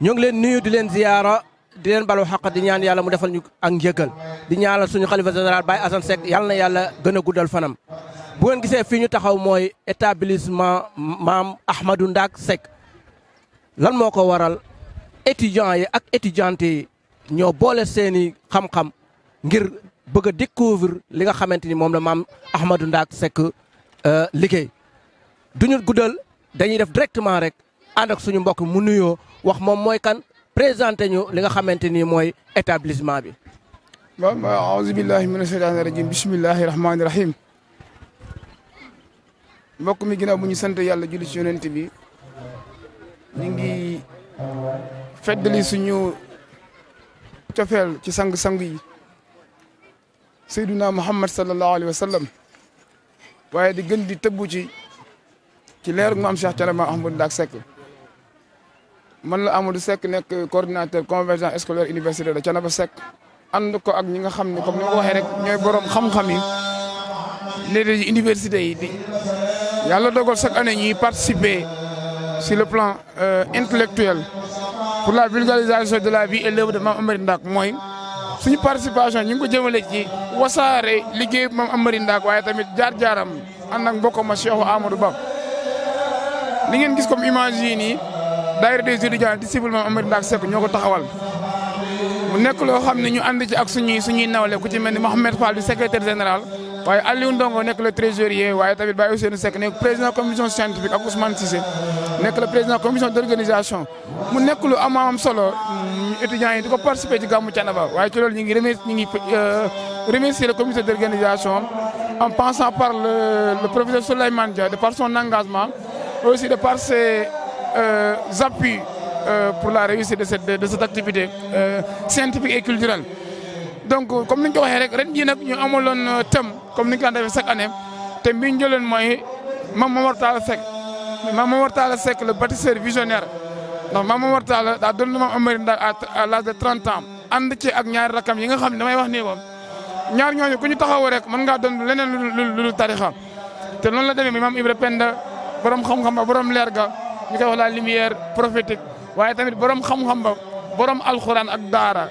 ñoo ngi leen nuyu di leen ziyaara di leen balu xaq di ñaan yàlla mu defal ñu ak njëkkal di ñaanal suñu xalifa général Baye Assane Seck yàlla na yàlla gën guddal fanam. bu ngeen gisee fii ñu taxaw mooy établissement maam Ahmadou Ndack Seck lan moo ko waral étudiants yi ak étudiantes yi ñoo boole seeni xam-xam ngir bëgg a découvrir li nga xamante ni moom la maam Ahmadou Ndack Seck euh, liggéey duñu guddal dañuy def directement rek. ànd ak suñu mbokk mu nuyoo wax moom mooy kan présenté ñu li nga xamante ni mooy établissement bi. waaw waaw aouzu billahi mina shaytaani rajim bismillahi rahmaani rahim mbokk mi ginnaaw bu ñu sant yàlla julli ci bi ñu ngi feddali suñu cofeel ci sang-sang yi Seyduna Muhammad sallallahu alayhi wa sallam waaye di gën di tëbbu ci ci leer maam Cheikh Thiénaba Ahmadou Ndack Seck man la Amadou Seck nekk coordinateur convergence scolaire universitaire de Thiénaba Seck ànd ko ak ñi nga xam ne kom ni ma ko rek ñooy borom xam-xam yi léeg-léeg université yi di yàlla dogal chaque année ñuy participer si le plan euh, intellectuel pour la vulgarisation de la vie et l'œuvre de Mame Amary Ndack mooy suñu participation ñu ngi ko jëmale ji wasaare liggéey Mame Amary Ndack waaye tamit jaar-jaaram ànd ak mbokk ma Cheikh Amadou Ba li ngeen gis comme image daayira des étudiants disciple moom Amary Ndack Seck ñoo taxawal mu nekk loo xam ne ñu ànd ci ak suñuy suñuy nawle ku ci mel ni Mouhamed Fall di secrétaire général waaye Aliou Ndongo nekk le trésorier waaye tamit Baye Ousseynou Seck nekk président commission scientifique ak Ousmane Cissé nekk le président commission d'organisation mu nekk lu am solo mm, étudiants yi di ko participer ci gàmmu Thiénaba waaye ci loolu ñu ngi remercier ñu ngi euh, remercier le comité d'organisation Euh, appui euh, pour la réussite de cette de cette activité euh, scientifique et culturelle. donc comme ni ñu ko waxee rek ren jii nag ñu amaloon thème comme ni ñu ko daan defee chaque année thème bi ñu jëloon mooy Mame Momar Talla Seck Mame Momar Talla Seck le bâtisseur visionnaire ndax Mame Momar Talla daa doon Mame Amary Ndack à l'âge de 30 ans ànd ci ak ñaari rakam yi nga xam ne damay wax nii moom ñaar ñooñu ku ñu taxawoo rek mën ngaa doon leneen lu lu lu tarixa te noonu la demee Mame Ibra Penda borom nga ca wax la lumière prophétique waaye tamit borom xam-xam ba borom alxuraan ak daara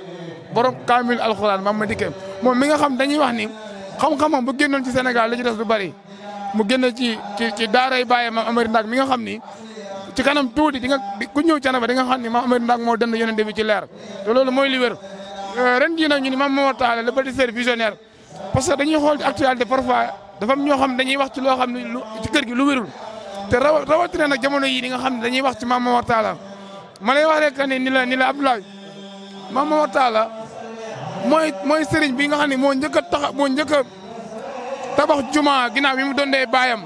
borom kaamil alxuraan maam ma dikkee moom mi nga xam dañuy wax ni xam-xamam bu génnoon ci senegal li ci des du bari mu génn ci ci ci daaray bàyyee maam Amari Ndaak mi nga xam ni ci kanam tuuti di nga ku ñëw Thiénaba di nga xam ni maam Amari Ndaak moo dënd yonent bi ci leer te loolu mooy li wér euh, ren jii nag ñu ni maam Momar Talla le bâtisseur visionnaire parce que dañuy xool ci actualité parfois dafa am ñoo xam dañuy wax ci loo xam ne lu ci kër gi lu wérul te rawatina nag jamono yii ni nga xam ne dañuy wax ci maam Momar Talla ma lay wax rek ni ni la ni la Abdoulaye maam Momar mooy mooy sëriñ bi nga xam ni moo njëkk a tax moo njëkk tabax juma ginnaaw bi mu dondee baayam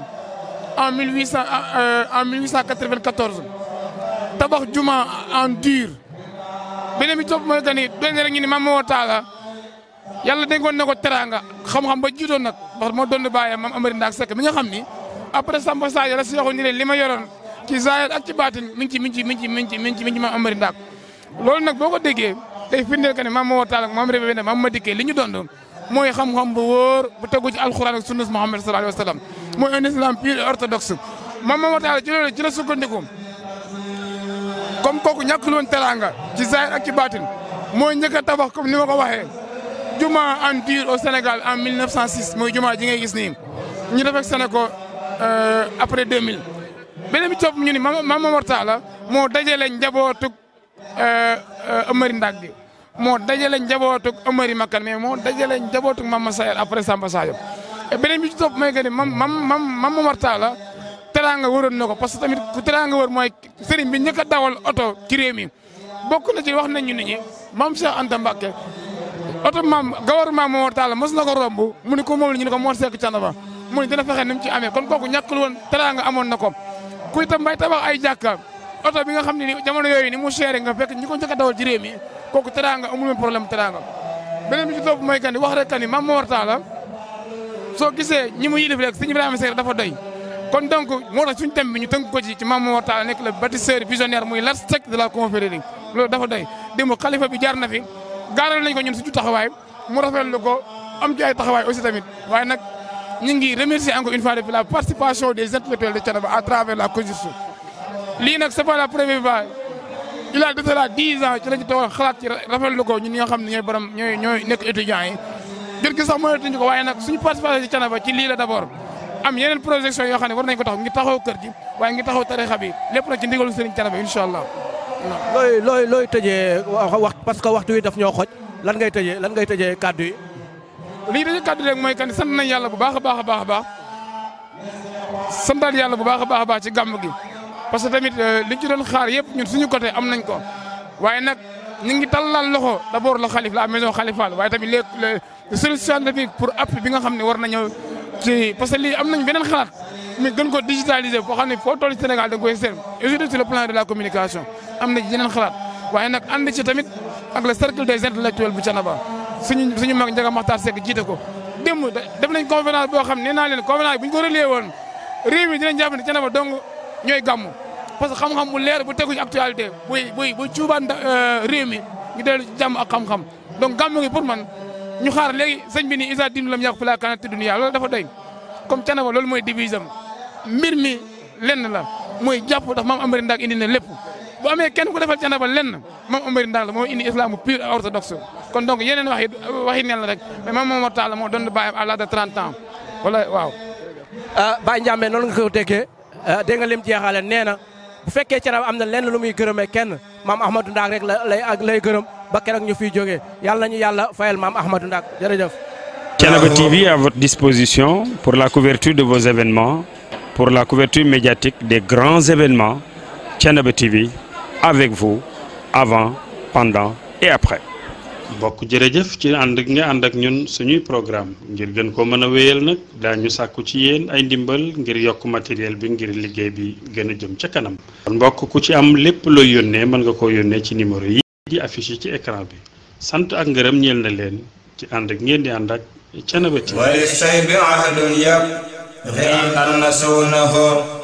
en 1800 euh, en 1894 tabax juma en dur beneen bi topp mooy que ni benn rek ñu ne ma Momar Talla yàlla dénkoon na ko teraanga xam-xam ba jiitoon nag wax moo doon baayam maam Amari Ndak Seck mi nga xam ni. après Samba Sadio la si waxu ni leen li ma yoroon ci zaahir ak ci baatin mi ngi ci mi ngi ci Ndaak loolu nag boo ko déggee day firndeel que ne ma wataal ak maam Rébé ne maam ma dikkee mooy xam-xam bu wóor bu tegu ci alxuraan ak sunnas Muhammad sallallahu alayhi wa sallam mooy un islam pur et ma wataal ci loolu ci la sukkandiku comme kooku ñàkkul woon teraanga ci zaahir ak ci baatin mooy njëkk a tabax comme ni ma ko waxee juma en dur au se mooy juma ji ngay gis nii Euh, après 2000 beneen bi topp ñu ni Mame Momar Talla moo dajale njabootug euh, euh, Amary Ndag bi moo dajale njabootug Amary Makkan mais moo dajale njabootug Mama Sayar après Samba Sadio beneen bi ci topp mooy que ni Mame Mame Momar Talla teraanga wëroon na ko parce que tamit ku teraanga wër mooy seriñ bi ñëkk a dawal oto ci réew mi bokk na ci wax nañu nit ñi Mame Cheikh Anta Mbacké oto maam gouvernement Momar Talla mos na ko romb mu ni ko moom la ñu ne ko moo sekk mu ne dina fexe ci amee kon kooku ñàkkul woon teraanga amoon na ko kuy tam bay tabax ay jàkka oto bi nga xam ne ni jamono yooyu ni mu seere nga fekk ñi ko njëkk a dawal ci réew mi kooku teraanga amul woon problème teraanga beneen bi ci topp mooy kan wax rek kan ni Mame Mor Talla soo gisee ñi mu yilif rek sëñ Ibrahima Seck dafa doy kon donc moo tax suñu thème bi ñu ko ci ci Mame Mor Talla nekk le bâtisseur visionnaire muy l'architecte de la confrérie loolu dafa doy démb xalifa bi jaar na fi gaaral nañ ko ñun suñu taxawaay mu rafetlu ko am ci ay taxawaay aussi tamit waaye nag ñu ngi remercier encore une fois de la participation des intellectuels de Thiénaba à travers la COJUST lii nag c'est pas la première fois il a de cela dix ans ci toog xalaat ci rafetlu ko ñun ñi nga xam ne ñooy borom ñooy ñooy nekk étudiants yi jot sax mënatuñu ko waaye nag suñu participation ci ci lii la d'abord am yeneen projection yoo xam ne war nañ ko taxaw ngi taxaw kër ji waaye ngi taxaw tarixa bi lépp na ci ndigalu Serigne Thiénaba incha allah looy looy looy tëjee wax parce que waxtu wi daf ñoo xoj lan ngay tëjee lan ngay tëjee kàddu yi lii dañu kàddu rek mooy kan sant nañ yàlla bu baax a baax a baax a baax santaat yàlla bu baax a baax baax ci gàmm gi parce que tamit euh, liñ ci doon xaar yëpp ñun suñu côté am nañ ko waaye nag ñu ngi tallal loxo d'abord la xalif la maison xalifal waaye tamit les solutions techniques pour appui bi nga xam ne war nañoo ci parce lii am nañ beneen xalaat mais gën ko digitaliser boo xam ne foo toll ci Sénégal de nga koy seet surtout sur le plan de la communication am na ci xalaat waaye nag tamit ak le cercle des intellectuels bu Thiénaba suñu suñu mag Ndiaga Makhtar Seck jiite ko démb def nañ conférence boo xam nee naa leen conférence bu ñu ko relier woon réew mi dinañ jàpp ne Thiénaba dong ñooy gàmm parce que xam-xam bu leer bu teguñu actualité buy buy buy cuubaan euh, réew mi ñu dellu jàmm ak xam-xam donc gàmm gi pour man ñu xaar léegi sëñ bi ni isa dim lam yàqu filaa kanat dunya loolu dafa doy comme Thiénaba loolu mooy divisam mbir mi lenn la mooy jàpp ndax maam Amari Ndak indi na lépp bu amee kenn ku defal Thiénaba lenn moom Omar Ndao la moo indi islam pur orthodoxe kon donc yeneen wax yi wax yi neen la rek mais moom Momar Talla moo doon bàyyam à l'âge de 30 ans wala waaw. Ah, Baye Ndiambe noonu nga ko déggee ah, dégg nga lim jeexaale nee na bu fekkee Thiénaba am na lenn lu muy gërëmee kenn maam Ahmadou Ndak rek la lay lay gërëm ba keroog ñu fiy jógee yàlla nañu yàlla fayal maam Ahmadou Ndak jërëjëf. Thiénaba TV à votre disposition pour la couverture de vos événements pour la couverture médiatique des grands événements Thiénaba TV. avec vous avant pendant et après. mbokk jërëjëf ci ànd ak nga ànd ak ñun suñuy programme ngir gën ko mën a wéyal nag daañu sàkku ci yéen ay ndimbal ngir yokk matériel bi ngir liggéey bi gën a jëm ca kanam. kon mbokk ku ci am lépp looy yónnee mën nga koo yónnee ci numéro yi di affiché ci écran bi sant ak ngërëm ñeel na leen ci ànd ak ngeen di ànd ak Thiénaba TV. wali say bi ahdun yab.